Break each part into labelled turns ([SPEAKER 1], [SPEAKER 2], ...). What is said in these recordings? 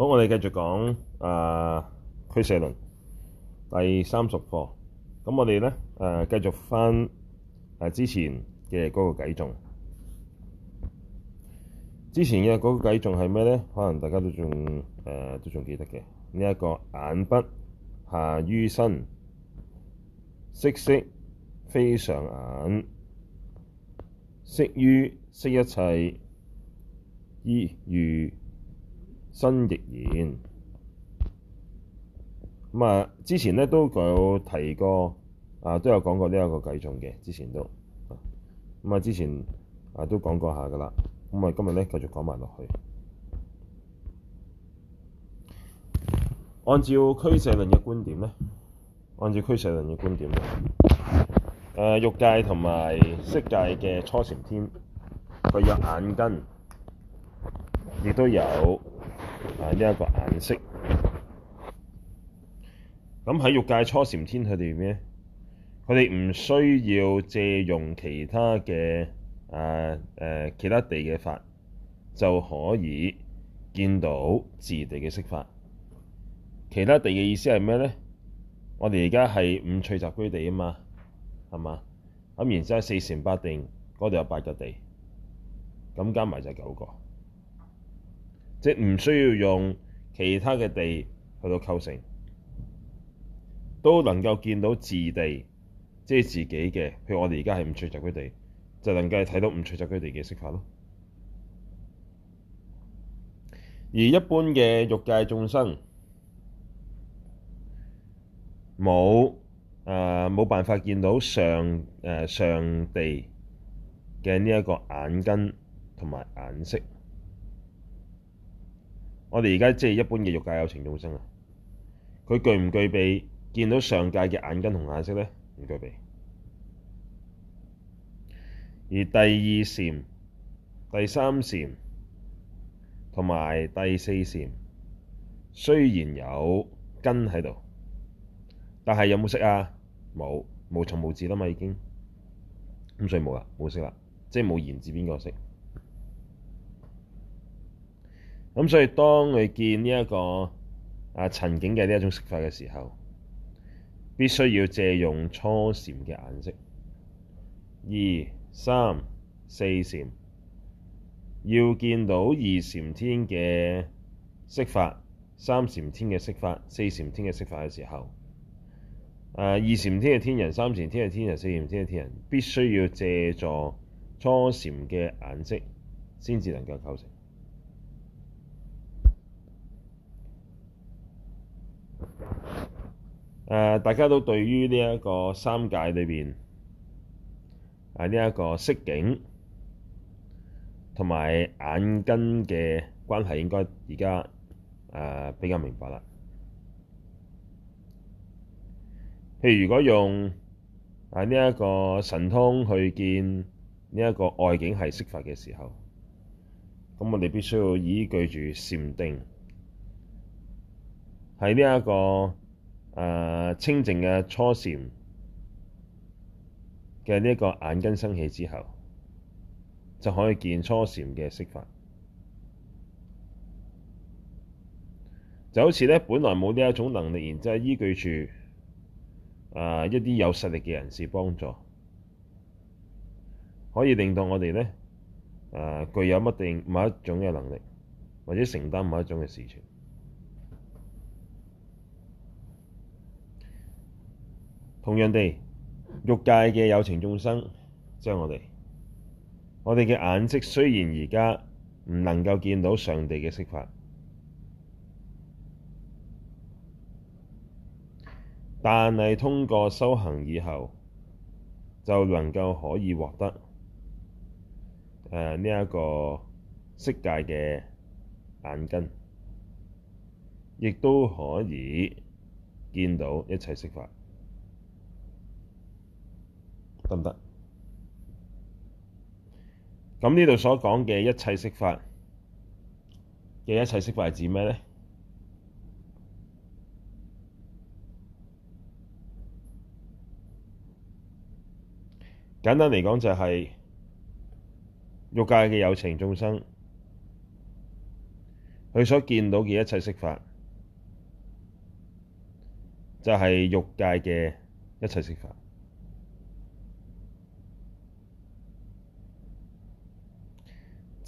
[SPEAKER 1] 好，我哋繼續講啊，俱舍論第三十課。咁我哋呢誒、呃、繼續翻之前嘅嗰個偈頌，之前嘅嗰個偈頌係咩呢？可能大家都仲誒、呃、記得嘅呢一個眼不下於身，色色非上眼，色於色一切依如。新亦然咁啊！之前咧都有提過，啊都有講過呢一個計重嘅。之前都咁啊，之前啊都講過下噶啦。咁啊，今日咧繼續講埋落去按驅。按照俱舍論嘅觀點咧，按照俱舍論嘅觀點，誒、欲界同埋色界嘅初禪天，佢有眼根，亦都有。啊！一個顏色。咁喺欲界初禪天，佢哋咩？佢哋唔需要借用其他嘅啊誒其他地嘅法，就可以見到自地嘅色法。其他地嘅意思係咩咧？我哋而家係五趣集居地啊嘛，係嘛？咁然之後四禪八定，嗰度有八個地，咁加埋就九個。即唔需要用其他嘅地去到構成，都能夠見到自地，即係自己嘅。譬如我哋而家係唔隨逐佢地，就能夠睇到唔隨逐佢地嘅色法咯。而一般嘅欲界眾生冇誒冇辦法見到上誒、呃、上地嘅呢一個眼根同埋眼識。我哋而家即係一般嘅欲界有情眾生啊，佢具唔具備見到上界嘅眼根同眼識咧？唔具備。而第二禪、第三禪同埋第四禪，雖然有根喺度，但係有冇識啊？冇，無尋無伺啦嘛，已經咁，所以冇啦，冇識啦，即係冇言字邊個識？咁、嗯、所以，當你見呢一、這個啊塵境嘅呢一種色法嘅時候，必須要借用初禪嘅眼識。二、三、四禪要見到二禪天嘅色法、三禪天嘅色法、四禪天嘅色法嘅時候，啊二禪天嘅天人，三禪天嘅天人，四禪天嘅天人，必須要借助初禪嘅眼識先至能夠構成。Uh，大家都對於呢一個三界裏邊，誒呢一個色境同埋眼根嘅關係，應該而家誒比較明白啦。譬如如果用誒呢一個神通去見呢一個外境係色法嘅時候，咁我哋必須要依據住禪定，喺呢一個。啊、清淨嘅初禪嘅呢一個眼根生起之後，就可以見初禪嘅色法就好似呢，本來冇呢一種能力，然之後依據住、啊、一啲有實力嘅人士幫助，可以令到我哋呢、啊、具有乜定某一種嘅能力，或者承擔某一種嘅事情。同樣地，欲界嘅有情眾生，即係我哋，我哋嘅眼識雖然而家唔能夠見到上地嘅色法，但係通過修行以後，就能夠可以獲得誒呢一個色界嘅眼根，亦都可以見到一切色法。得唔得？咁呢度所講嘅一切色法，嘅一切色法係指咩咧？簡單嚟講就係欲界嘅有情眾生，佢所見到嘅一切色法，就係欲界嘅一切色法。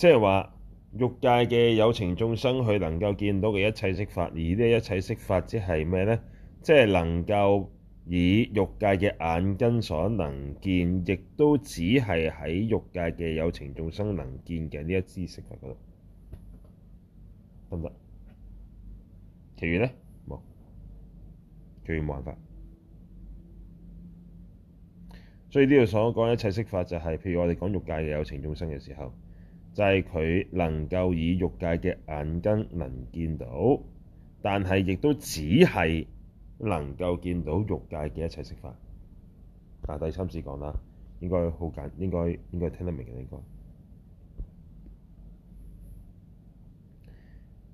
[SPEAKER 1] 即係話，欲界嘅有情眾生，佢能夠見到嘅一切色法，而呢一切色法即係咩咧？即係能夠以欲界嘅眼根所能見，亦都只係喺欲界嘅有情眾生能見嘅呢一知識法嗰度，得唔得？其餘咧冇，其餘冇辦法。所以呢度所講一切色法就係、是，譬如我哋講欲界嘅有情眾生嘅時候。就係佢能夠以欲界嘅眼根能見到，但係亦都只係能夠見到欲界嘅一切色法。但、啊、第三次講啦，應該好簡，應該應該聽得明嘅應該。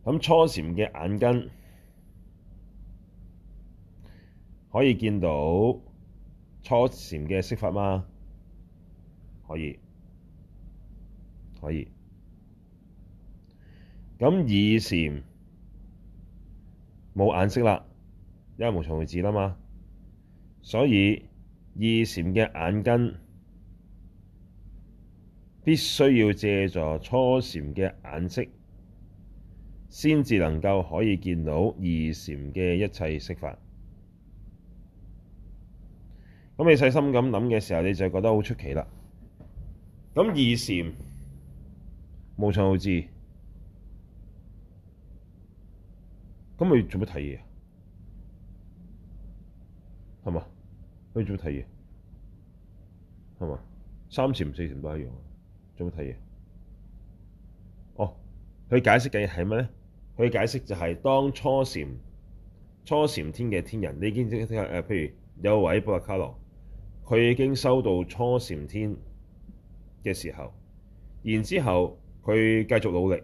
[SPEAKER 1] 咁、嗯、初禪嘅眼根可以見到初禪嘅色法嗎？可以，可以。咁二禪冇眼識啦，因為冇從而至啦嘛，所以二禪嘅眼根必須要借助初禪嘅眼識，先至能夠可以見到二禪嘅一切色法。咁你細心咁諗嘅時候，你就覺得好出奇啦。咁二禪無從而至。咁佢做乜睇嘢啊？係嘛？佢做乜睇嘢？係嘛？三禪唔四禪都係一樣，做乜睇嘢？哦，佢解釋嘅嘢係咩咧？佢解釋就係當初禪初禪天嘅天人，你已經識下誒，譬如有一位布拉卡羅，佢已經收到初禪天嘅時候，然之後佢繼續努力。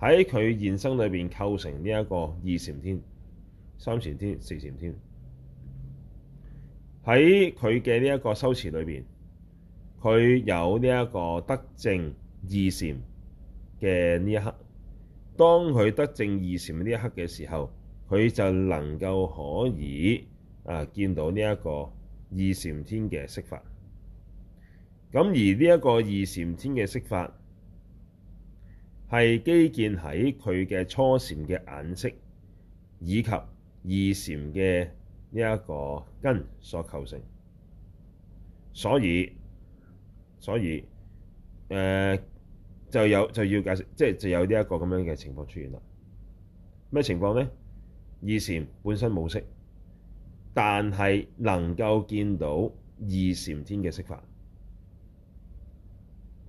[SPEAKER 1] 喺佢現生裏邊構成呢一個二禪天、三禪天、四禪天。喺佢嘅呢一個修持裏邊，佢有呢一個得證二禪嘅呢一刻。當佢得證二禪呢一刻嘅時候，佢就能夠可以啊見到呢一個二禪天嘅色法。咁而呢一個二禪天嘅色法，係基建喺佢嘅初禪嘅眼識，以及二禪嘅呢一個根所構成，所以所以誒、呃、就有就要解釋，即、就、係、是、就有呢一個咁樣嘅情況出現啦。咩情況咧？二禪本身冇色，但係能夠見到二禪天嘅色法，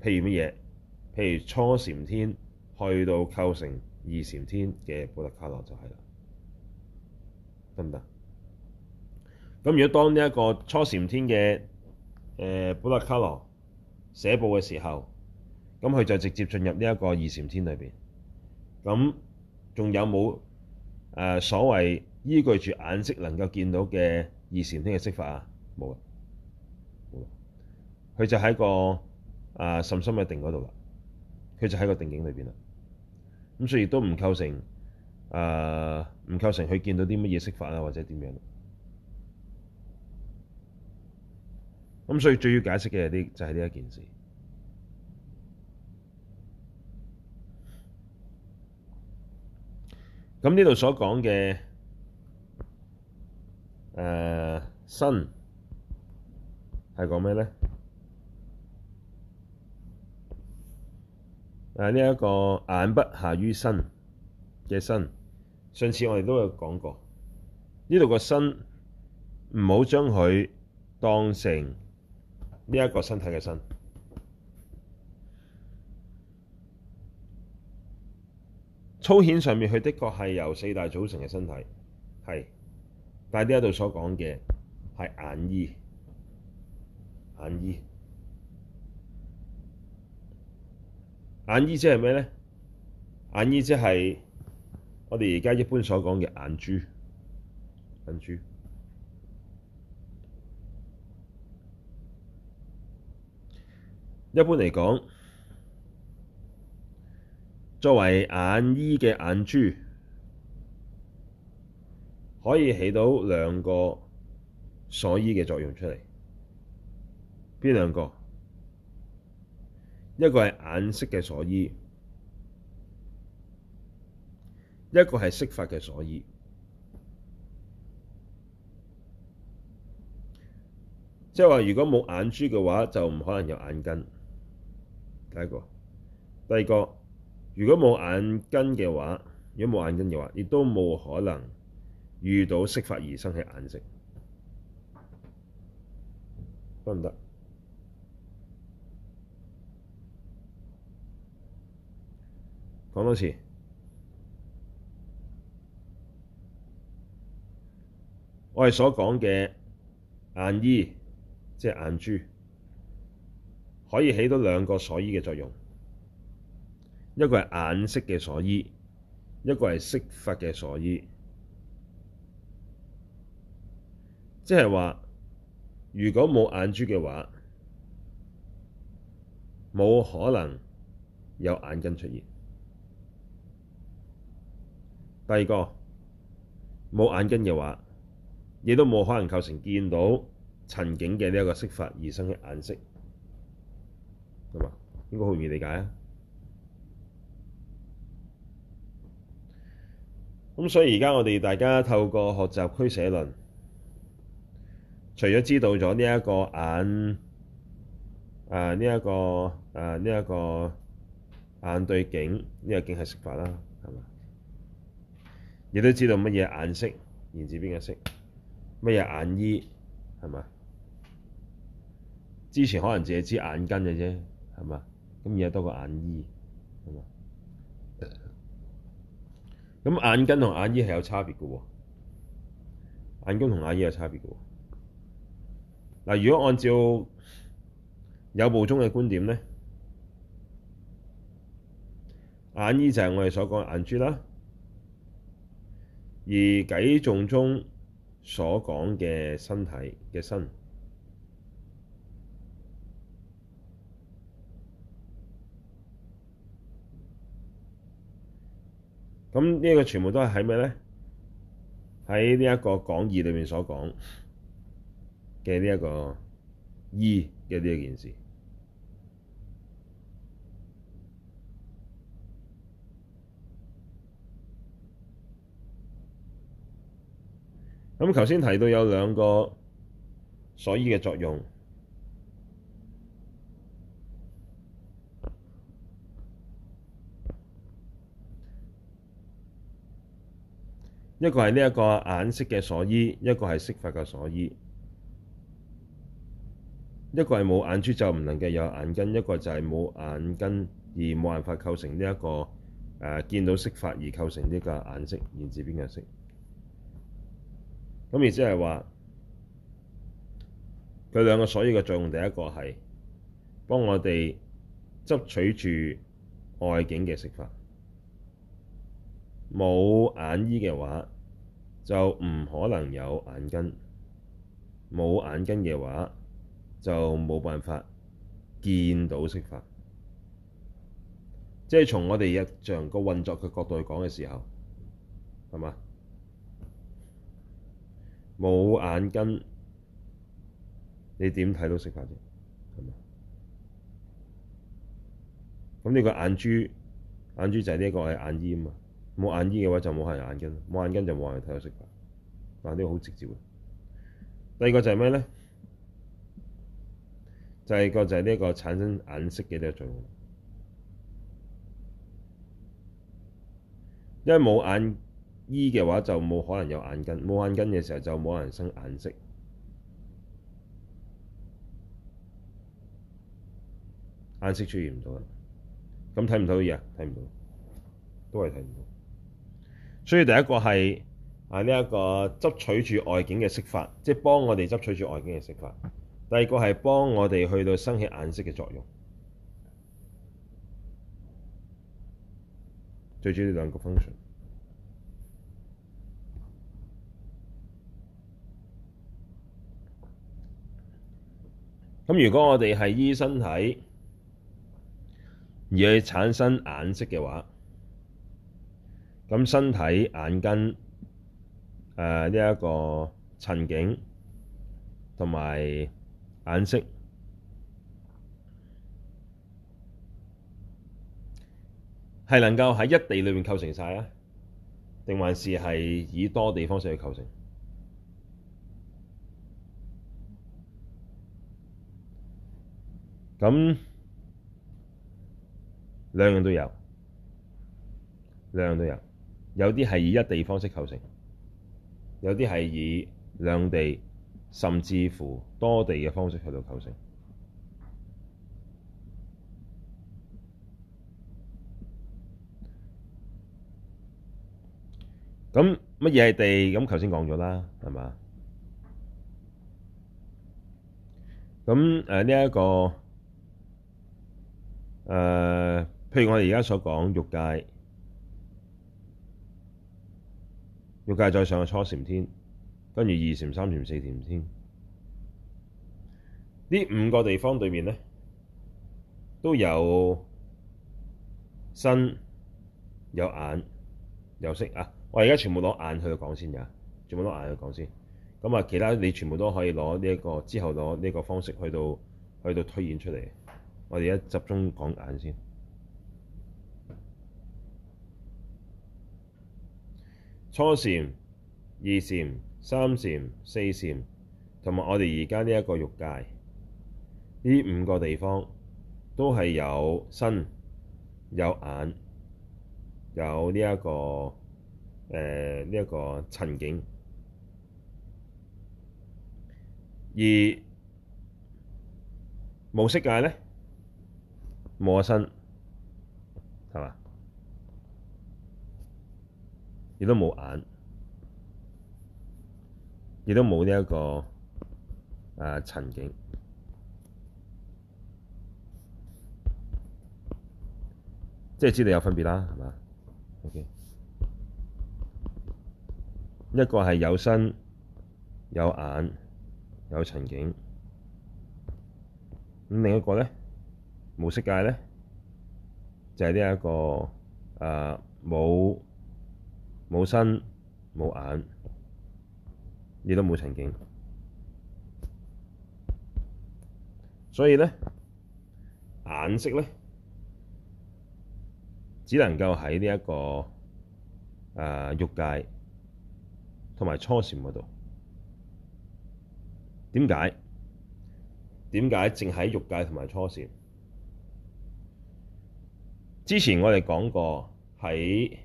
[SPEAKER 1] 譬如乜嘢？譬如初禪天。去到構成二禪天嘅補特伽羅就係啦，得唔得？咁如果當呢一個初禪天嘅誒補特伽羅捨報嘅時候，咁佢就直接進入呢一個二禪天裏邊。咁仲有冇誒、呃、所謂依據住眼色能夠見到嘅二禪天嘅色法啊？冇啊，冇啊，佢就喺個誒甚深嘅定嗰度啦，佢就喺個定境裏邊啦。咁所以都唔構成，誒、呃、唔構成去見到啲乜嘢色法啊，或者點樣？咁所以最要解釋嘅呢就係、是、呢一件事。咁、呃、呢度所講嘅誒身係講咩咧？誒，呢一、啊這個眼不下於身嘅身，上次我哋都有講過，呢度個身唔好將佢當成呢一個身體嘅身，粗顯上面佢的確係由四大組成嘅身體，係，但係呢一度所講嘅係眼依，眼依。眼依即係咩咧？眼依即係我哋而家一般所講嘅眼珠，眼珠一般嚟講，作為眼依嘅眼珠，可以起到兩個所依嘅作用出嚟，邊兩個？一個係眼識嘅所依，一個係色法嘅所依。即係話，如果冇眼珠嘅話，就唔可能有眼根。第一個，第二個，如果冇眼根嘅話，如果冇眼根嘅話，亦都冇可能遇到色法而生嘅眼識。得唔得？講多次，我哋所講嘅眼依，即係眼珠，可以起到兩個所依嘅作用。一個係眼識嘅所依，一個係色法嘅所依。即係話，如果冇眼珠嘅話，冇可能有眼根出現。第二個冇眼根嘅話，亦都冇可能構成見到塵境嘅呢一個色法而生嘅眼識，係嘛？應該好容易理解啊！咁所以而家我哋大家透過學習俱舍論，除咗知道咗呢一個眼啊呢一、這個啊呢一、這個眼對境呢、這個境係色，色法啦。你都知道乜嘢眼色，源自邊個色？乜嘢眼依？係嘛？之前可能只係知眼根嘅啫，係嘛？咁而家多個眼依係嘛？咁眼根同眼依係有差別嘅喎，眼根同眼依有差別嘅喎。嗱，如果按照有部中嘅觀點咧，眼依就係我哋所講嘅眼珠啦。而偈頌中所講嘅身體嘅身，咁呢一個全部都係喺咩咧？喺呢一個廣義裏面所講嘅呢一個依嘅呢一件事。咁頭先提到有兩個所依嘅作用，一個係呢一個眼識嘅所依，一個係色法嘅所依。一個係冇眼珠就唔能夠有眼根，一個就係冇眼根而冇辦法構成呢、這、一個誒、呃、見到色法而構成呢個眼識，言字邊嘅識。咁意思係話，佢兩個所依嘅作用，第一個係幫我哋執取住外境嘅色法。冇眼依嘅話，就唔可能有眼根；冇眼根嘅話，就冇辦法見到色法。即係從我哋日常個運作嘅角度去講嘅時候，係嘛？冇眼根，你點睇到色法啫？咁啊，咁你個眼珠，眼珠就呢一個係眼依啊。冇眼依嘅話就冇係眼根，冇眼根就冇人睇到色法。但係呢個好直接嘅。第二個就係咩咧？第二個就係呢一個產生眼識嘅呢個作用。因為冇眼醫嘅、e、話就冇可能有眼根，冇眼根嘅時候就冇可能生眼識，眼識出現唔到嘅，咁睇唔到嘢啊，睇唔到，都係睇唔到。所以第一個係啊呢一、這個執取住外境嘅色法，即係幫我哋執取住外境嘅色法。第二個係幫我哋去到生起眼識嘅作用，最主要兩個 function。咁如果我哋係依身體而去產生眼識嘅話，咁身體、眼根、誒呢一個塵境同埋眼識，係能夠喺一地裏面構成晒啊？定還是係以多地方式去構成？咁兩樣都有，兩樣都有，有啲係以一地方式構成，有啲係以兩地，甚至乎多地嘅方式去到構成。咁乜嘢係地？咁頭先講咗啦，係嘛？咁誒呢一個。誒，uh, 譬如我哋而家所講欲界，欲界再上係初禪天，跟住二禪、三禪、四禪天，呢五個地方對面咧，都有身有眼有色啊！我而家全部攞眼去講先嘅，全部攞眼去講先。咁啊，其他你全部都可以攞呢一個之後攞呢個方式去到去到推演出嚟。我哋一集中講眼先，初禪、二禪、三禪、四禪，同埋我哋而家呢一個欲界，呢五個地方都係有身、有眼、有呢、這、一個誒呢一個塵境，而無色界呢？冇身，係嘛？亦都冇眼，亦都冇呢一個啊塵、呃、境，即係知道你有分別啦，係嘛？OK，一個係有身、有眼、有塵境，咁另一個咧。無色界咧，就係呢一個啊，冇冇身冇眼，亦都冇塵境。所以咧，眼識咧，只能夠喺呢一個啊欲界同埋初禪嗰度。點解？點解淨喺欲界同埋初禪？之前我哋講過喺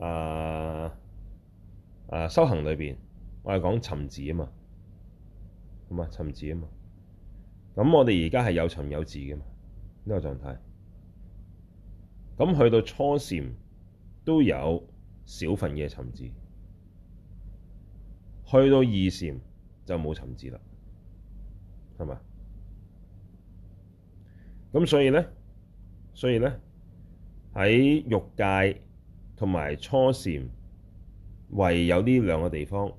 [SPEAKER 1] 啊啊修行裏邊，我係講尋伺啊嘛，係嘛尋伺啊嘛。咁我哋而家係有尋有伺嘅嘛呢、這個狀態。咁去到初禪都有少份嘅尋伺，去到二禪就冇尋伺啦，係嘛？咁所以咧。所以咧，喺欲界同埋初禪，唯有呢兩個地方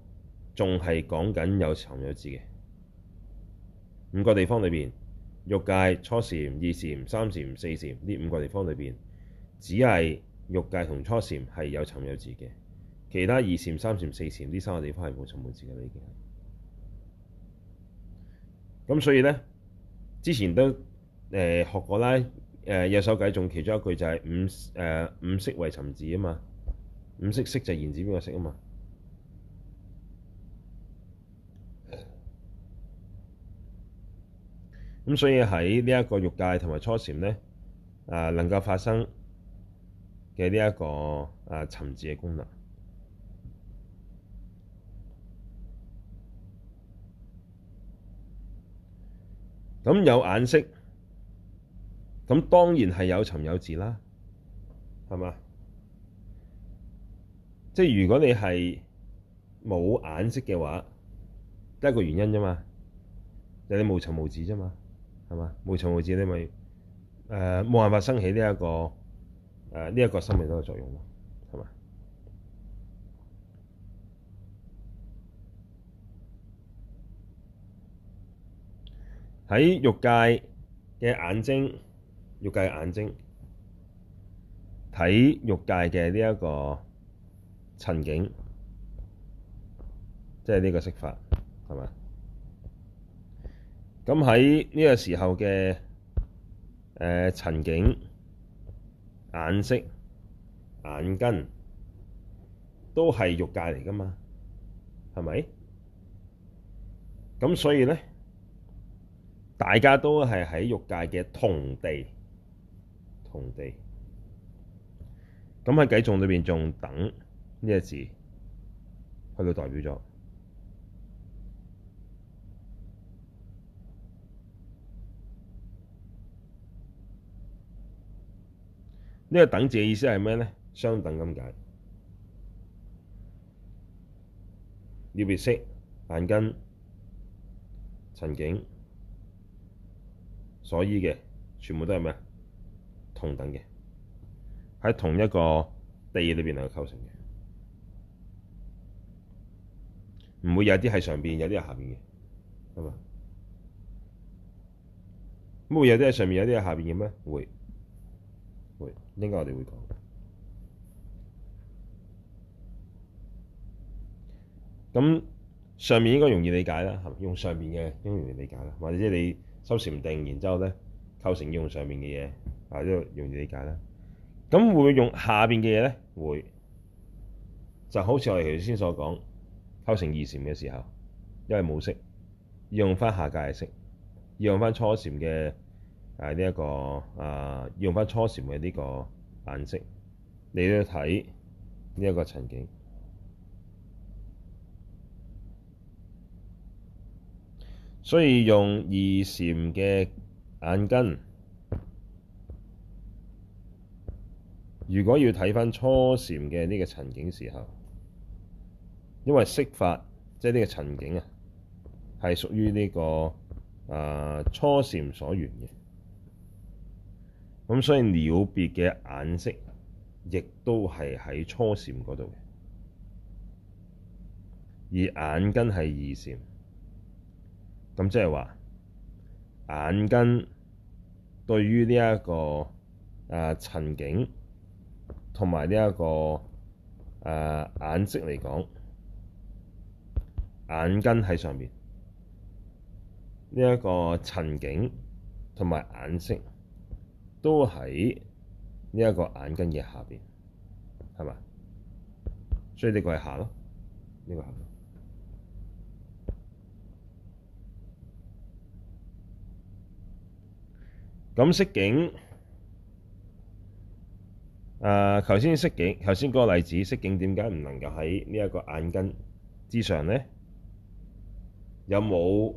[SPEAKER 1] 仲係講緊有尋有伺嘅。五個地方裏邊，欲界、初禪、二禪、三禪、四禪呢五個地方裏邊，只係欲界同初禪係有尋有伺嘅，其他二禪、三禪、四禪呢三個地方係冇尋冇伺嘅嚟嘅。咁所以咧，之前都誒、呃、學過啦。誒右手偈仲其中一句就係五，誒、呃、五識唯尋伺啊嘛，五識識就言字邊個識啊嘛，咁所以喺呢一個欲界同埋初禪咧，誒、呃、能夠發生嘅呢一個誒尋、呃、伺嘅功能，咁有眼色。咁當然係有尋有伺啦，係嘛？即係如果你係冇眼識嘅話，得一個原因啫嘛，就係你無尋無伺啫嘛，係嘛？無尋無伺你咪誒冇辦法生起呢、這、一個誒呢一個生命體嘅作用咯，係嘛？喺欲界嘅眼睛。欲界眼睛睇欲界嘅呢一個塵境，即係呢個色法，係咪？咁喺呢個時候嘅誒塵境、眼識、眼根，都係欲界嚟噶嘛，係咪？咁所以咧，大家都係喺欲界嘅同地。紅地，咁喺偈頌裏邊仲等呢個字，佢就代表咗呢個等字嘅意思係咩咧？相等咁解，要識眼根、塵境、所依嘅，全部都係咩？同等嘅喺同一個地裏面能夠構成嘅，唔會有啲喺上邊，有啲喺下邊嘅，係嘛？咁會有啲喺上面，有啲喺下邊嘅咩？會會應該我哋會講。咁上面應該容易理解啦，係嘛？用上面嘅應該容易理解啦，或者即係你收拾唔定，然之後咧構成用上面嘅嘢。啊，都容易理解啦。咁會用下邊嘅嘢咧？會，就好似我哋頭先所講，修成二禪嘅時候，因為冇色，要用翻下界嘅色，要用翻初禪嘅啊呢一個啊，要用翻初禪嘅呢個顏色你都睇呢一個情景。所以用二禪嘅眼根。如果要睇翻初禪嘅呢個塵境時候，因為色法即係呢個塵境啊，係屬於呢個啊、呃、初禪所緣嘅，咁所以了別嘅眼識，亦都係喺初禪嗰度嘅，而眼根係二禪，咁即係話眼根對於呢一個啊塵、呃、境。同埋呢一個誒、呃、眼識嚟講，眼根喺上面。呢、這、一個塵境同埋眼識都喺呢一個眼根嘅下邊，係嘛？所以呢個係下咯，呢、這個下。咁色境。誒，頭先、呃、色境，頭先嗰個例子，色境點解唔能夠喺呢一個眼根之上呢？有冇、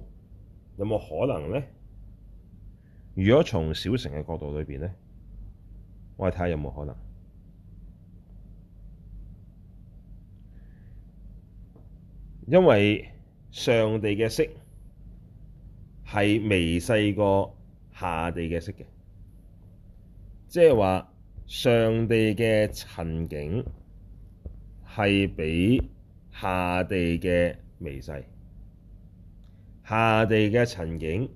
[SPEAKER 1] 有冇可能呢？如果從小城嘅角度裏邊呢，我睇下有冇可能？因為上地嘅色係微細過下地嘅色嘅，即係話。上地嘅塵境係比下地嘅微細，下地嘅塵境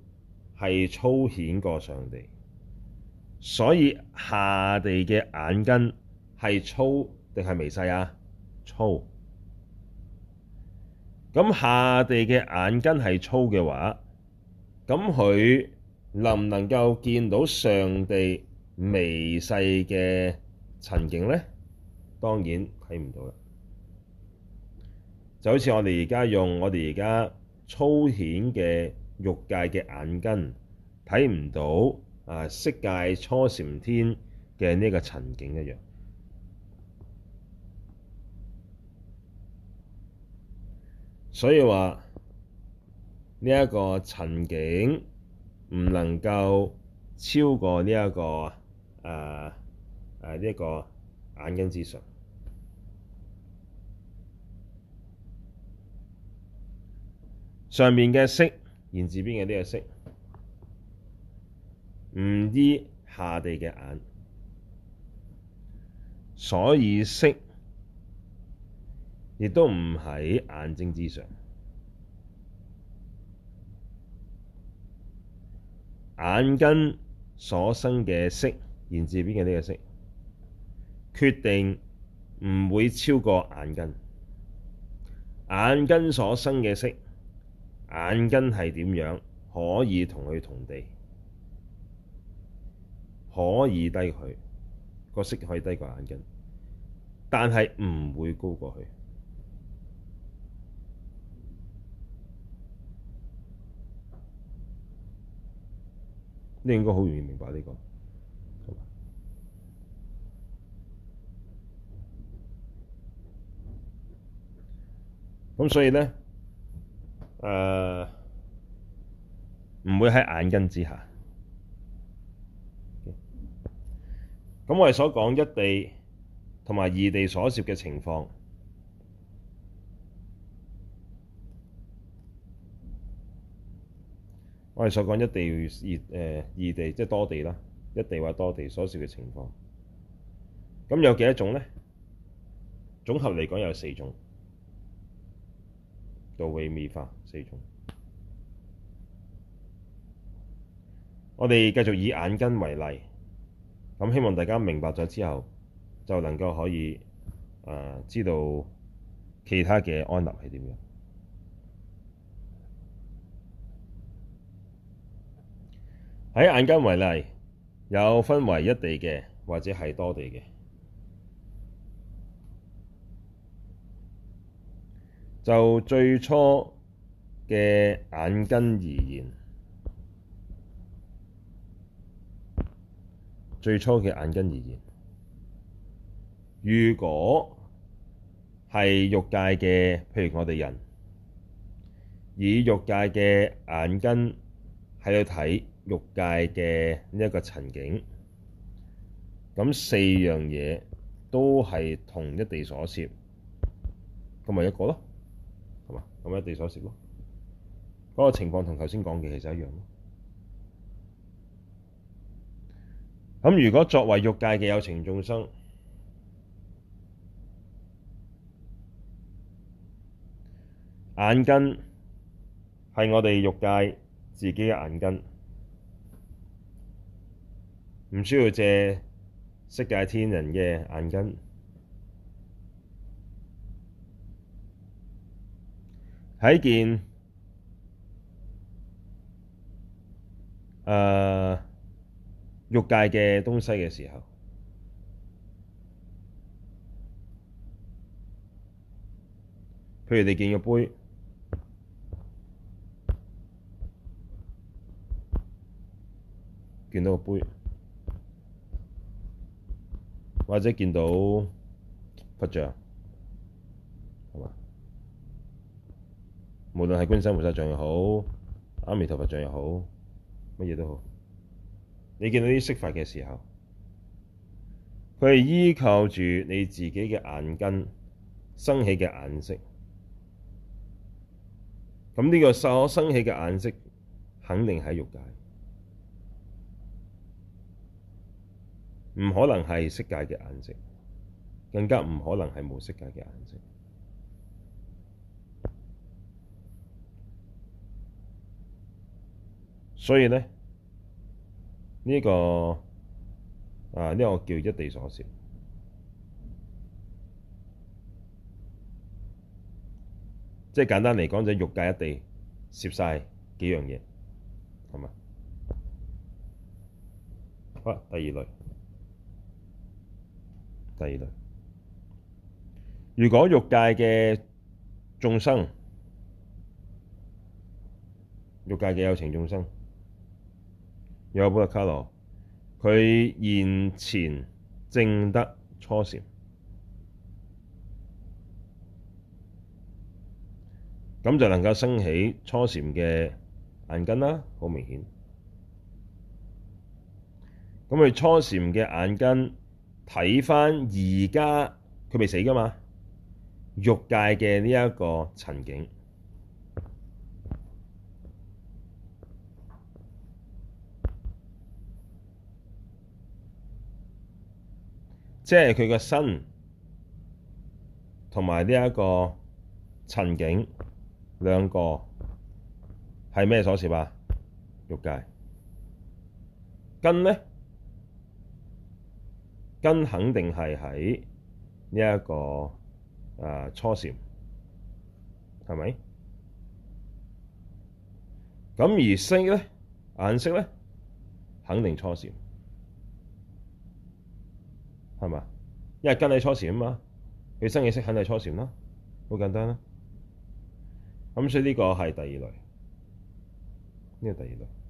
[SPEAKER 1] 係粗顯過上地，所以下地嘅眼根係粗定係微細啊？粗。咁下地嘅眼根係粗嘅話，咁佢能唔能夠見到上地？微細嘅塵境呢，當然睇唔到啦。就好似我哋而家用我哋而家粗顯嘅欲界嘅眼根睇唔到啊，色界初禪天嘅呢個塵境一樣。所以話呢一個塵境唔能夠超過呢一個。誒呢一個眼根之上，上面嘅識源自邊嘅呢個識？唔依下地嘅眼，所以識亦都唔喺眼睛之上，上，眼根所，所生嘅識。言字邊嘅呢個色？決定唔會超過眼根。眼根所生嘅色，眼根係點樣？可以同佢同地，可以低佢個色可以低過眼根，但係唔會高過佢。你應該好容易明白呢、這個。咁所以呢，誒、呃、唔會喺眼根之下。咁我哋所講一地同埋異地所攝嘅情況，我哋所講一地異誒異地即係、就是、多地啦，一地或多地所攝嘅情況，咁有幾多種呢？總合嚟講有四種。就微妙化四種，我哋繼續以眼根為例，咁希望大家明白咗之後，就能夠可以，呃，知道其他嘅安立係點樣。喺眼根為例，有分為一地嘅，或者係多地嘅。就最初嘅眼根而言，最初嘅眼根而言，如果係欲界嘅，譬如我哋人以欲界嘅眼根喺度睇欲界嘅呢一個塵境，咁四樣嘢都係同一地所攝，咁咪一個咯。咁、嗯、一地所攝咯，嗰、那個情況同頭先講嘅其實一樣咯。咁如果作為欲界嘅有情眾生，眼根係我哋欲界自己嘅眼根，唔需要借色界天人嘅眼根。喺見，呃，欲界嘅東西嘅時候，譬如你見個杯，見到個杯，或者見到佛像。無論係觀世音菩薩像又好，阿彌陀佛像又好，乜嘢都好，你見到啲色法嘅時候，佢係依靠住你自己嘅眼根生起嘅眼識，咁呢個所生起嘅眼識，肯定係欲界，唔可能係色界嘅眼識，更加唔可能係冇色界嘅眼識。所以咧，呢個啊，呢個叫一地所攝，即係簡單嚟講就係欲界一地攝曬幾樣嘢，係咪？好，第二類，第二類，如果欲界嘅眾生，欲界嘅有情眾生。又有補特伽羅，佢現前正得初禪，咁就能夠升起初禪嘅眼根啦，好明顯。咁佢初禪嘅眼根睇翻，而家佢未死噶嘛，欲界嘅呢一個塵境。即係佢個身同埋呢一個塵境兩個係咩所攝吧、啊？欲界根呢？根肯定係喺呢一個誒、呃、初禪係咪？咁而色呢，顏色呢肯定初禪。係嘛？因為跟你初禪啊嘛，佢生意識肯定係初禪啦，好簡單啦。咁所以呢個係第二類，呢個第二類，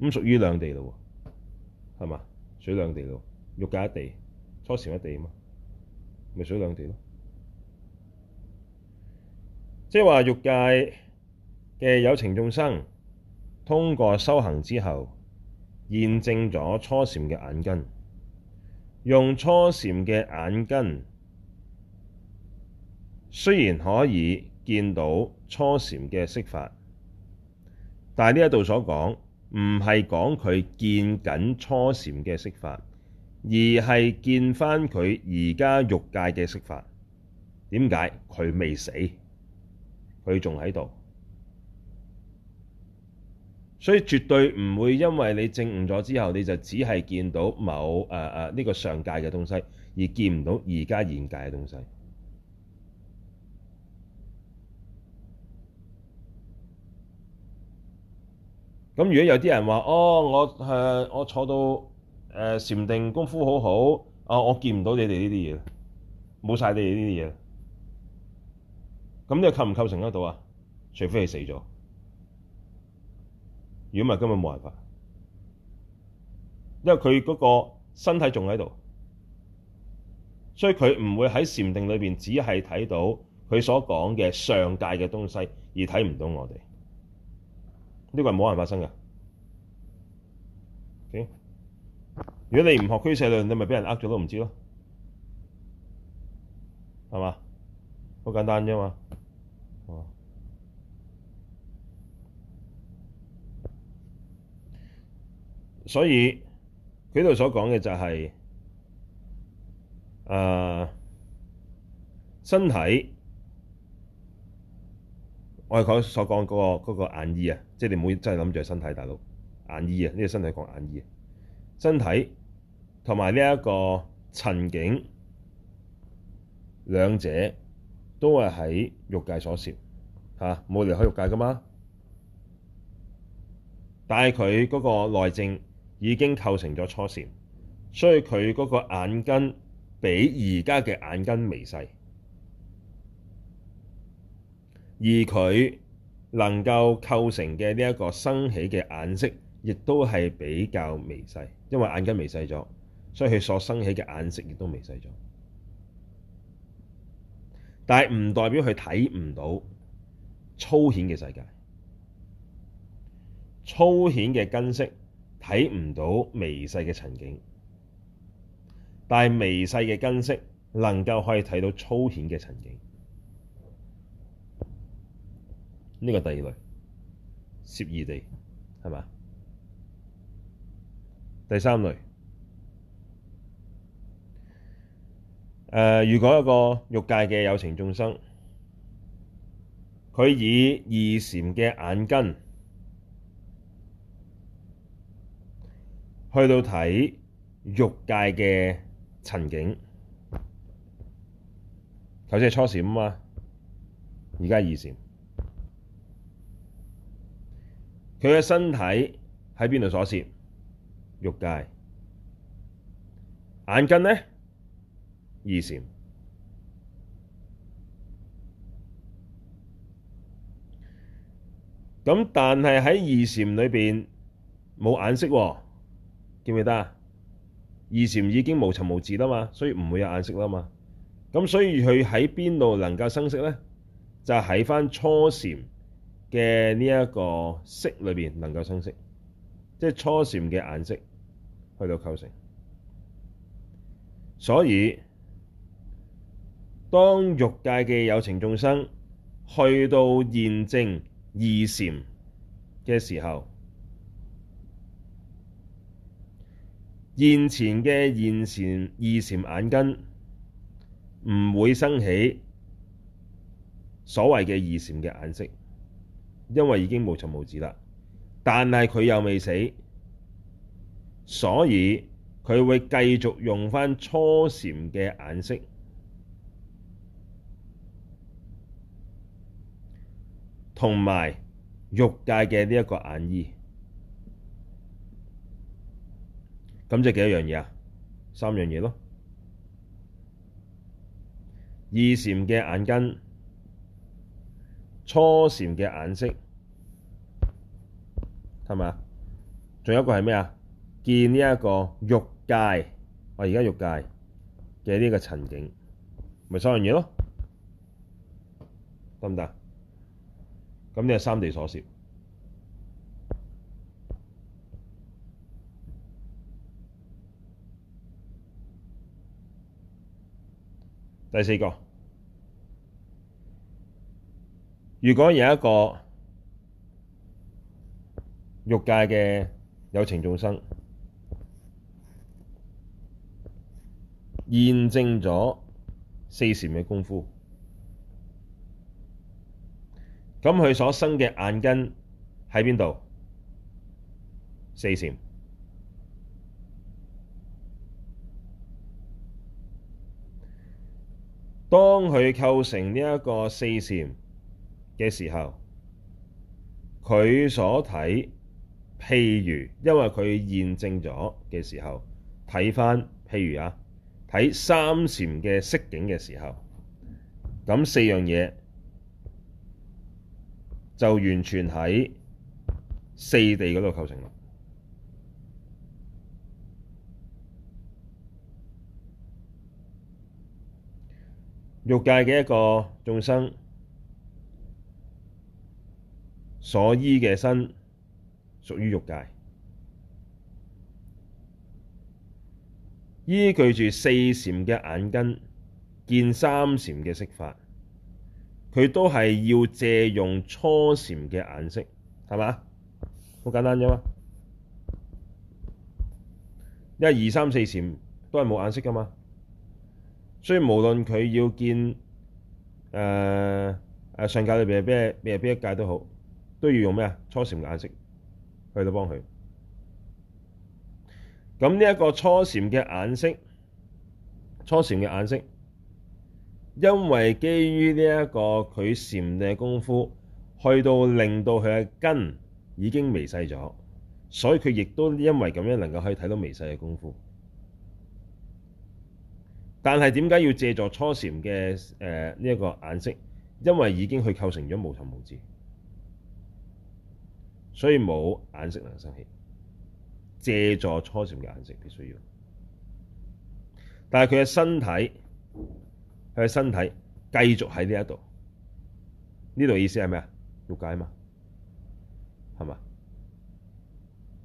[SPEAKER 1] 咁屬於兩地咯，係嘛？屬兩地咯，欲界一地，初禪一地啊嘛，咪屬兩地咯。即係話欲界嘅有情眾生通過修行之後。現前咗初禪嘅眼根，用初禪嘅眼根，雖然可以見到初禪嘅色法，但係呢一度所講唔係講佢見緊初禪嘅色法，而係見翻佢而家欲界嘅色法。點解？佢未死，佢仲喺度。所以絕對唔會因為你證悟咗之後，你就只係見到某誒、誒呢個上界嘅東西，而見唔到而家現界嘅東西。咁如果有啲人話：哦，我誒、呃、我坐到、呃、禪定功夫好好，啊、哦，我見唔到你哋呢啲嘢，冇曬你哋呢啲嘢，咁你構唔構成得到啊？除非你死咗。嗯如果唔係根本冇辦法，因為佢嗰個身體仲喺度，所以佢唔會喺禪定裏邊只係睇到佢所講嘅上界嘅東西，而睇唔到我哋，呢個係冇辦法生噶。Okay? 如果你唔學俱舍論，你咪俾人呃咗都唔知咯，係嘛？好簡單啫嘛。所以佢度所講嘅就係、是，誒、呃、身體，我係講所講嗰、那個嗰、那個眼醫眼依啊，即你唔好真係諗住身體，大佬眼依啊，呢、這個身體講眼依，身體同埋呢一個塵境兩者都係喺欲界所攝啊，冇離開欲界㗎嘛，但係佢嗰個內政。已經構成咗初禪，所以佢嗰個眼根比而家嘅眼根微細，而佢能夠構成嘅呢一個生起嘅眼色，亦都係比較微細。因為眼根微細咗，所以佢所生起嘅眼色亦都微細咗。但係唔代表佢睇唔到粗顯嘅世界，粗顯嘅根色。睇唔到微細嘅塵境，但係微細嘅根識能夠可以睇到粗顯嘅塵境，呢個第二類，涉異地，係嘛？第三類，誒、呃，如果一個欲界嘅有情眾生，佢以二禪嘅眼根。去到睇欲界嘅塵境，頭先係初禪啊嘛，而家係二禪，佢嘅身體喺邊度所攝？欲界，眼根呢？二禪，咁但係喺二禪裏邊冇眼識。記唔記得啊？二禪已經無尋無伺啦嘛，所以唔會有眼識啦嘛。咁所以佢喺邊度能夠生識咧？就喺翻初禪嘅呢一個識裏邊能夠生識，即係初禪嘅眼識去到構成。所以當欲界嘅有情眾生去到現證二禪嘅時候。現前嘅，現前二禪眼根唔會生起所謂嘅二禪嘅眼識，因為已經無尋無伺啦。但係佢又未死，所以佢會繼續用翻初禪嘅眼識，同埋欲界嘅呢一個眼依。咁即係幾多樣嘢啊？三樣嘢咯，二禪嘅眼根，初禪嘅眼識，係咪啊？仲有一個係咩啊？見呢一個欲界，我而家欲界嘅呢個情景，咪、就是、三樣嘢咯，得唔得？咁呢個三地所攝。第四個，如果有一個欲界嘅有情眾生驗證咗四禪嘅功夫，咁佢所生嘅眼根喺邊度？四禪。當佢構成呢一個四禪嘅時候，佢所睇，譬如因為佢驗證咗嘅時候，睇返譬如啊，睇三禪嘅色境嘅時候，咁四樣嘢就完全喺四地嗰度構成啦。欲界嘅一個眾生所依嘅身屬於欲界，依據住四禪嘅眼根見三禪嘅色法，佢都係要借用初禪嘅眼識，係嘛？好簡單啫嘛！一二三四禪都係冇眼識噶嘛。所以無論佢要見誒誒、呃、上界裏邊係咩咩邊一界都好，都要用咩啊？初禪眼識去到幫佢。咁呢一個初禪嘅眼識，初禪嘅眼識，因為基於呢一個佢禪嘅功夫，去到令到佢嘅根已經微細咗，所以佢亦都因為咁樣能夠可以睇到微細嘅功夫。但係點解要借助初禪嘅誒呢一個眼識？因為已經佢構成咗無尋無伺，所以冇眼識能生起。借助初禪嘅眼識必須要，但係佢嘅身體，佢嘅身體繼續喺呢一度。呢度意思係咩啊？理解嘛？係嘛？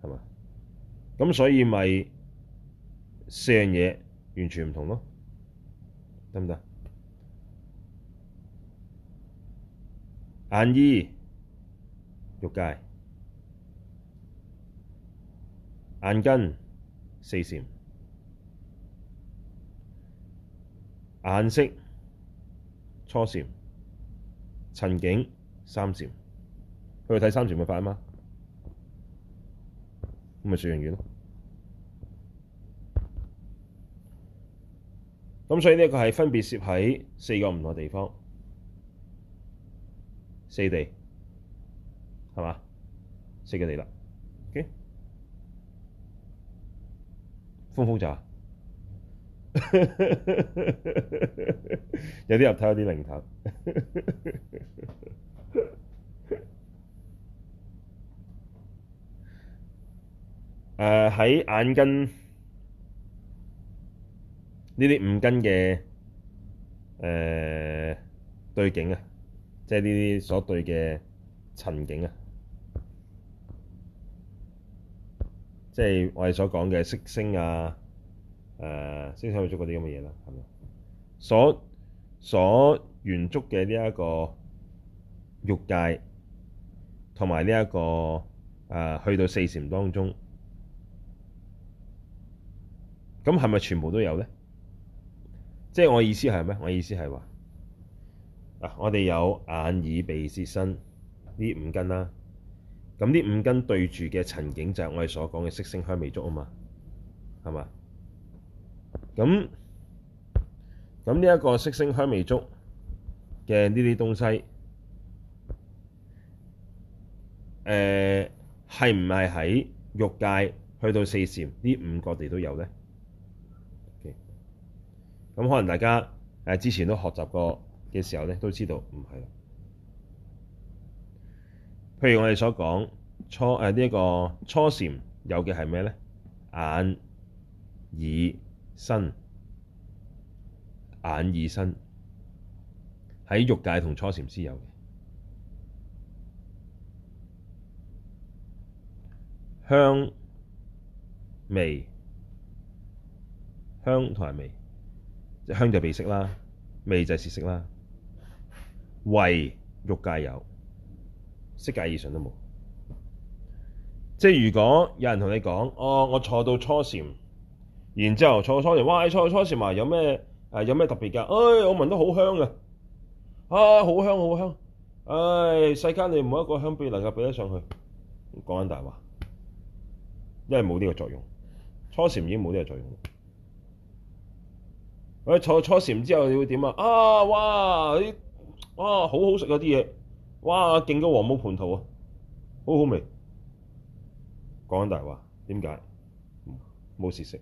[SPEAKER 1] 係嘛？咁所以咪、就是、四樣嘢完全唔同咯。得唔得？眼依、欲界、眼根、四禪、眼識、初禪、塵境三禪，去睇三禪嘅法啊嘛，咁咪最容易咯。咁所以呢，佢係分別攝喺四個唔同嘅地方，四地，係嘛？四個地啦，Okay? 風風咋？ 有啲入頭有啲零頭。誒、 呃，喺眼根。呢啲五根嘅誒對境啊，即係呢啲所對嘅塵境啊，即係我哋所講嘅色聲啊，誒色香味觸嗰啲咁嘅嘢啦，係咪？所所緣觸嘅呢一個欲界，同埋呢一個啊去到四禪當中，咁係咪全部都有咧？即係我意思係咩？我意思係話，嗱，我哋有眼、耳、鼻、舌、身呢五根啦。咁呢五根對住嘅塵境就係我哋所講嘅色聲香味觸啊嘛，係嘛？咁咁呢一個色聲香味觸嘅呢啲東西，誒係唔係喺欲界去到四禪呢五個地都有咧？咁可能大家誒之前都學習過嘅時候咧，都知道唔係啦。譬如我哋所講初誒、啊這個、呢一個初禪有嘅係咩咧？眼、耳、身、眼耳身，、耳、身喺欲界同初禪先有嘅香、味、香同埋味。香就鼻識啦，味就舌識啦，唯欲界有，色界以上都冇。即係如果有人同你講，哦，我坐到初禪，然之後坐到初禪，哇，坐到初禪啊，有咩誒有咩特別㗎？誒、哎，我聞得好香嘅、啊，啊，好香好香，誒、哎，世間你唔好一個香片能夠比得上去。講緊大話，因為冇呢個作用，初禪已經冇呢個作用。坐坐禪之後，你會點啊？啊，哇！哇好好食嗰啲嘢，哇勁過黃毛蟠桃啊，啊好好味。講緊大話，點解？冇事食。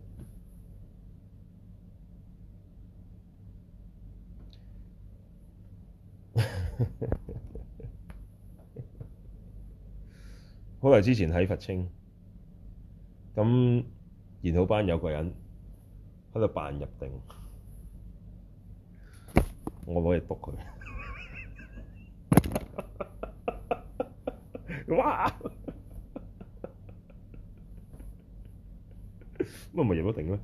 [SPEAKER 1] 好耐之前喺佛清，咁研討班有個人喺度扮入定。我攞嘢督佢，哇！咁咪入咗定咯。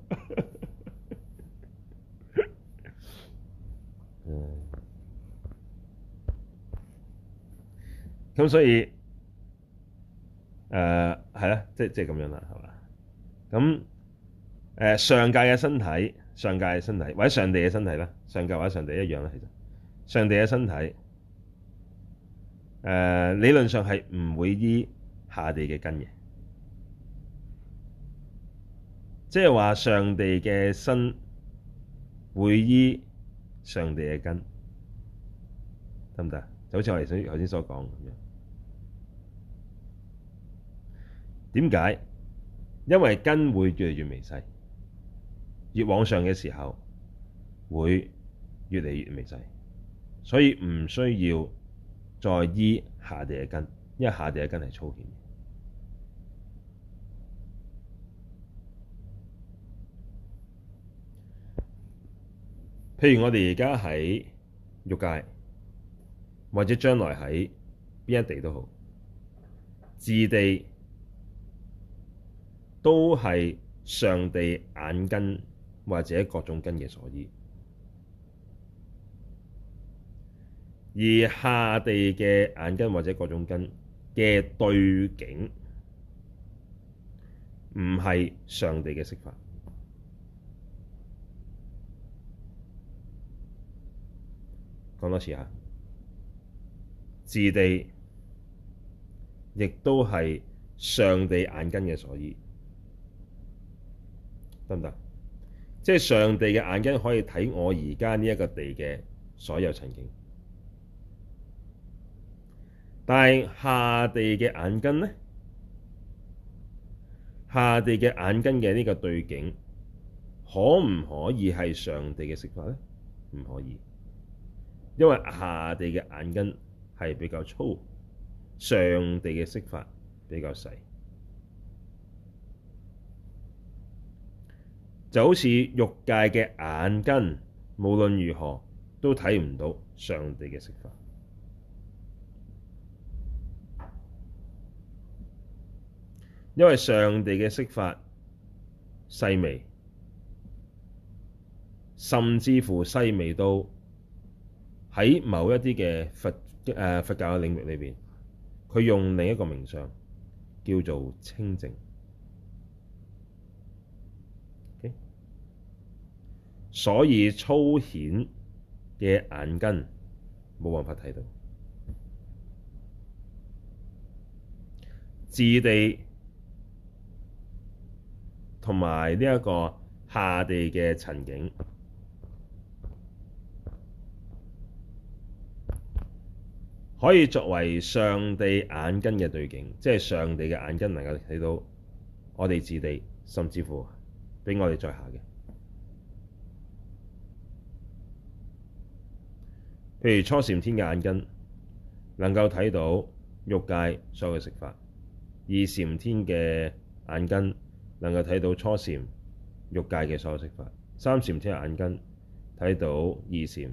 [SPEAKER 1] 咁所以，誒係啦，即即係咁樣啦，係嘛？咁誒、呃、上界嘅身體，上界嘅身體，或者上地嘅身體啦。上地或者上地一樣啦，其實上地嘅身體，誒、呃、理論上係唔會依下地嘅根嘅，即係話上地嘅身會依上地嘅根得唔得？就好似我哋頭先所講咁樣。點解？因為根會越嚟越微細，越往上嘅時候會越嚟越微細，所以唔需要再依下地嘅根，因為下地嘅根係粗顯嘅。譬如我哋而家喺欲界，或者將來喺邊一地都好，自地都係上地眼根或者各種根嘅所依。而下地嘅眼根或者各種根嘅對境，唔係上地嘅識法。講多次吓，自地亦都係上地眼根嘅所依，得唔得？即係上地嘅眼根可以睇我而家呢一個地嘅所有塵境。但係下地嘅眼根呢？下地嘅眼根嘅呢個對境，可唔可以係上地嘅色法呢？唔可以，因為下地嘅眼根係比較粗，上地嘅色法比較細，就好似欲界嘅眼根，無論如何都睇唔到上地嘅色法。因為上地嘅色法細微，甚至乎細微到喺某一啲嘅佛誒、呃、佛教嘅領域裏邊，佢用另一個名相叫做清淨。Okay? 所以粗顯嘅眼根冇辦法睇到自地。同埋呢一個下地嘅塵境，可以作為上地眼根嘅對境，即係上地嘅眼根能夠睇到我哋自地，甚至乎俾我哋在下嘅。譬如初禪天嘅眼根能夠睇到欲界所有嘅色法，二禪天嘅眼根，能夠睇到初禪、欲界嘅所有色法，三禪即係眼根睇到二禪、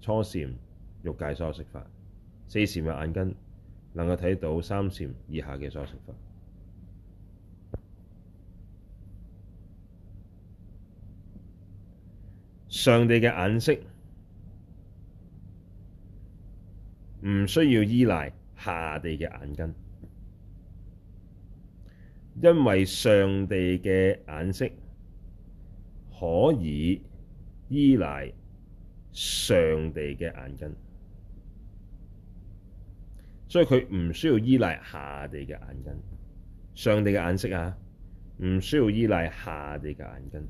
[SPEAKER 1] 初禪、欲界所有色法，四禪嘅眼根能夠睇到三禪以下嘅所有色法。上地嘅眼色唔需要依賴下地嘅眼根。因為上地嘅眼色可以依賴上地嘅眼根，所以佢唔需要依賴下地嘅眼根。上地嘅眼色啊，唔需要依賴下地嘅眼根。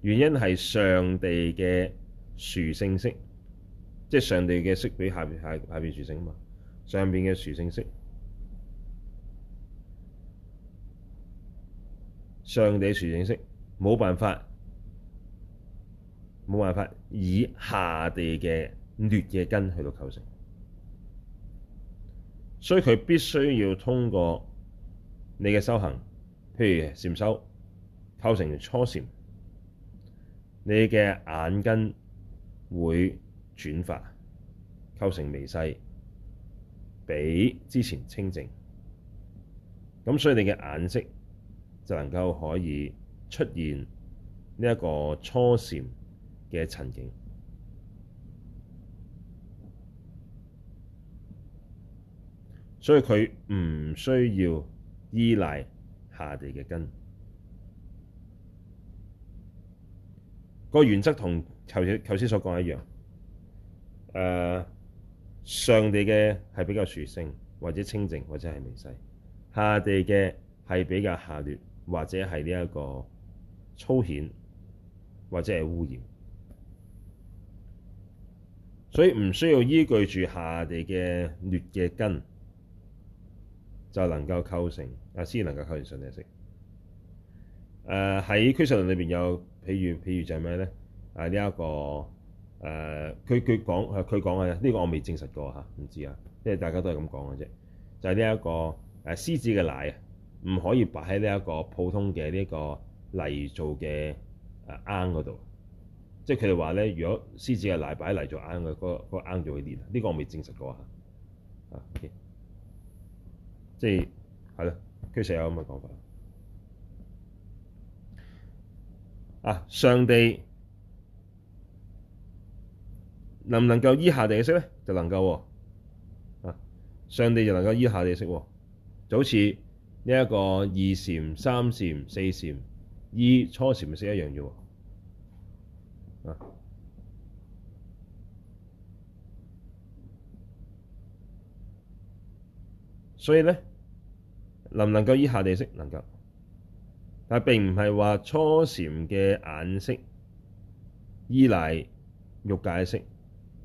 [SPEAKER 1] 原因係上地嘅屬性色，即係上地嘅色比下邊下下邊屬性啊嘛，上邊嘅屬性色。上地殊勝色冇辦法，冇辦法以下地嘅劣嘅根去到構成，所以佢必須要通過你嘅修行，譬如禪修構成初禪，你嘅眼根會轉化構成微細，比之前清淨，咁所以你嘅眼色。就能夠可以出現呢一個初禪嘅塵境，所以佢唔需要依賴下地嘅根。個原則同頭先頭先所講一樣，誒上地嘅係比較殊勝或者清淨或者係微細，下地嘅係比較下劣。或者係呢一個粗顯，或者係污染，所以唔需要依據住下地嘅劣嘅根，就能夠構成啊，先、呃、能夠構成上地識。誒喺俱舍論裏邊有譬，譬如譬如就係咩咧？誒、呃、呢一個誒，佢佢講佢講嘅呢個，我未證實過嚇，唔知啊，即係大家都係咁講嘅啫。就係呢一個誒獅、呃、子嘅奶啊！唔可以擺喺呢一個普通嘅呢個泥做嘅誒罌嗰度，即係佢哋話咧，如果獅子嘅奶擺喺泥做罌嘅嗰嗰罌度去練，呢、那個這個我未證實過嚇啊。O、okay、K，即係係咯，佢成有咁嘅講法啊。上地能唔能夠依下地嘅色咧？就能夠啊。上地就能夠依下地嘅色，就好似。呢一個二禪、三禪、四禪，依初禪咪識一樣嘢，所以咧能唔能夠以下地識？能夠，但並唔係話初禪嘅眼識依賴欲界嘅識，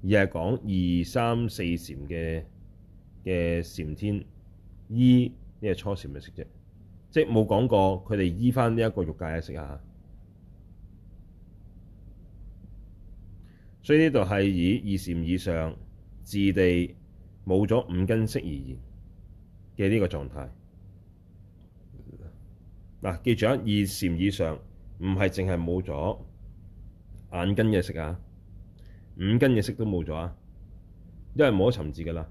[SPEAKER 1] 而係講二三四禪嘅嘅禪天依。呢個初禪咪識啫，即冇講過佢哋依翻呢一個欲界嘅識啊！所以呢度係以二禪以上自地冇咗五根識而言嘅呢個狀態。嗱、啊，記住啊，二禪以上唔係淨係冇咗眼根嘅識啊，五根嘅識都冇咗啊，因為冇咗尋伺噶啦，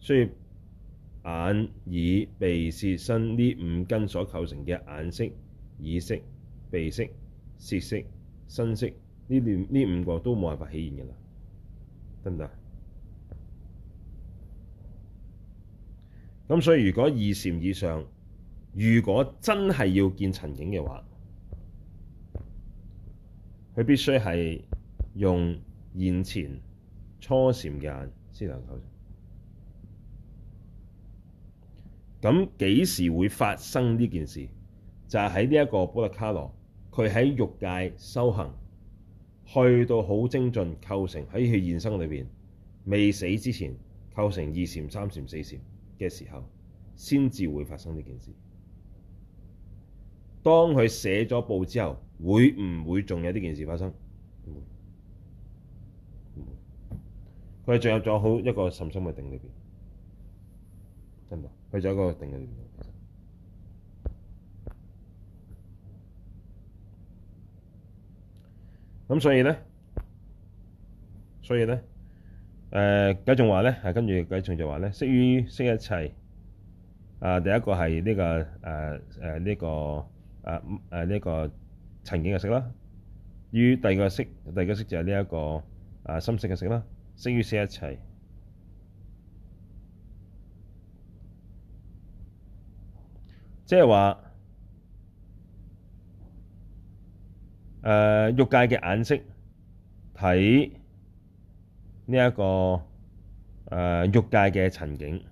[SPEAKER 1] 所以。眼、耳、鼻、舌、身呢五根所構成嘅眼色、耳色、鼻色、舌色、身色，呢段呢五個都冇辦法起現嘅啦，得唔得？咁所以如果二禪以上，如果真係要見塵境嘅話，佢必須係用現前初禪嘅眼先能夠。咁幾時會發生呢件事？就係喺呢一個補特伽羅，佢喺欲界修行，去到好精進構成喺佢現生裏邊未死之前構成二禪三禪四禪嘅時候，先至會發生呢件事。當佢寫咗報之後，會唔會仲有呢件事發生？佢、嗯、係、嗯、進入咗好一個甚深嘅定裏邊。真係，去咗一個定嘅原理。咁所以咧，所以咧，誒，偈頌話咧，係跟住偈頌就話咧，識於識一切。啊，第一個係呢個誒誒呢個啊誒呢個情境嘅識啦，於第二個識，第二個識就係呢一個啊心識嘅識啦，識於識一切。即係話，誒，欲、呃、界嘅眼識睇呢一個誒，欲、呃、界嘅塵境，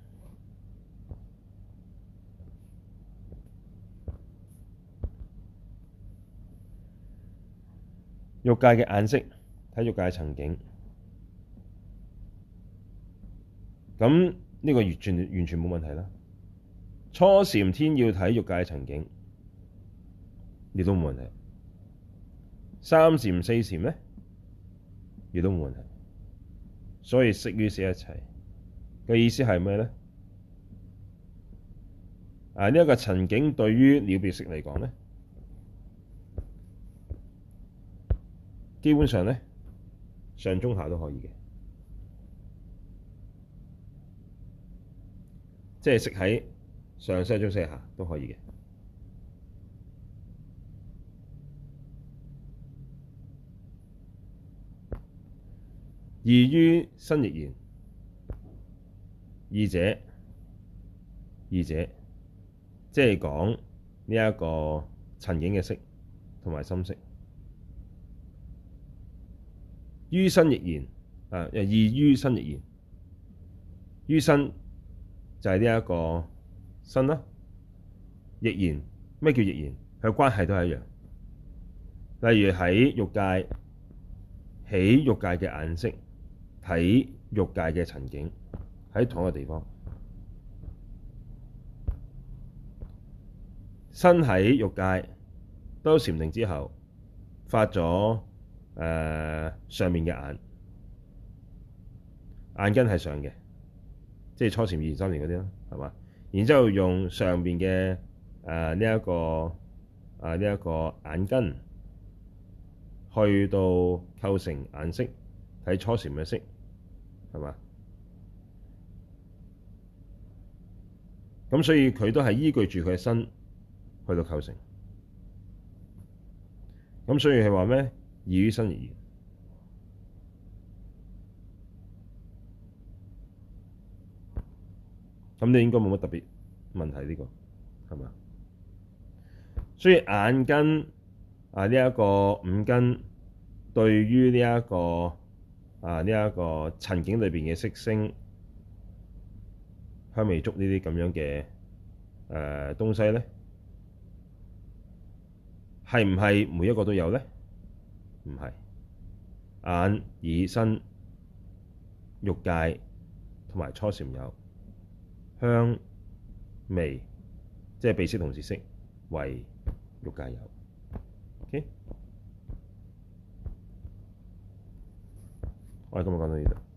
[SPEAKER 1] 欲界嘅眼識睇欲界嘅塵境，咁呢個完全完全冇問題啦。初禪天要睇欲界嘅塵境，亦都冇問題。三禪、四禪呢亦都冇問題。所以色與識一齊嘅意思係咩呢？啊，呢、這、一個塵境對於了別識嚟講呢，基本上呢，上中下都可以嘅，即係識喺。上四中四、中、中、下都可以嘅。異於身亦然，二者，二者，即係講呢一個塵境嘅色同埋深色。於身亦然，誒，又異於身亦然，啊。於身，就係呢一個。身啦，亦然，咩叫亦然？佢嘅關係都係一樣。例如喺欲界，喺欲界嘅眼識、睇欲界嘅塵境，喺同一個地方。身喺欲界，到禪定之後，發咗誒、呃、上面嘅眼，眼根係上嘅，即係初禪、二禪、三禪嗰啲啦，係嘛？然之後用上邊嘅誒呢一個誒呢、呃、一個眼根去到構成顏色，睇初禪嘅色，係嘛？咁所以佢都係依據住佢嘅身去到構成，咁所以係話咩？異於身而言。咁你應該冇乜特別問題呢個係嘛？所以眼根啊呢一、這個五根對於呢一個啊呢一、這個塵境裏邊嘅色聲香味觸呢啲咁樣嘅誒、呃、東西咧，係唔係每一個都有咧？唔係眼、耳、身、欲界同埋初禪有。香味，即係鼻識同舌識唯欲界有。OK，我哋今日講到呢度。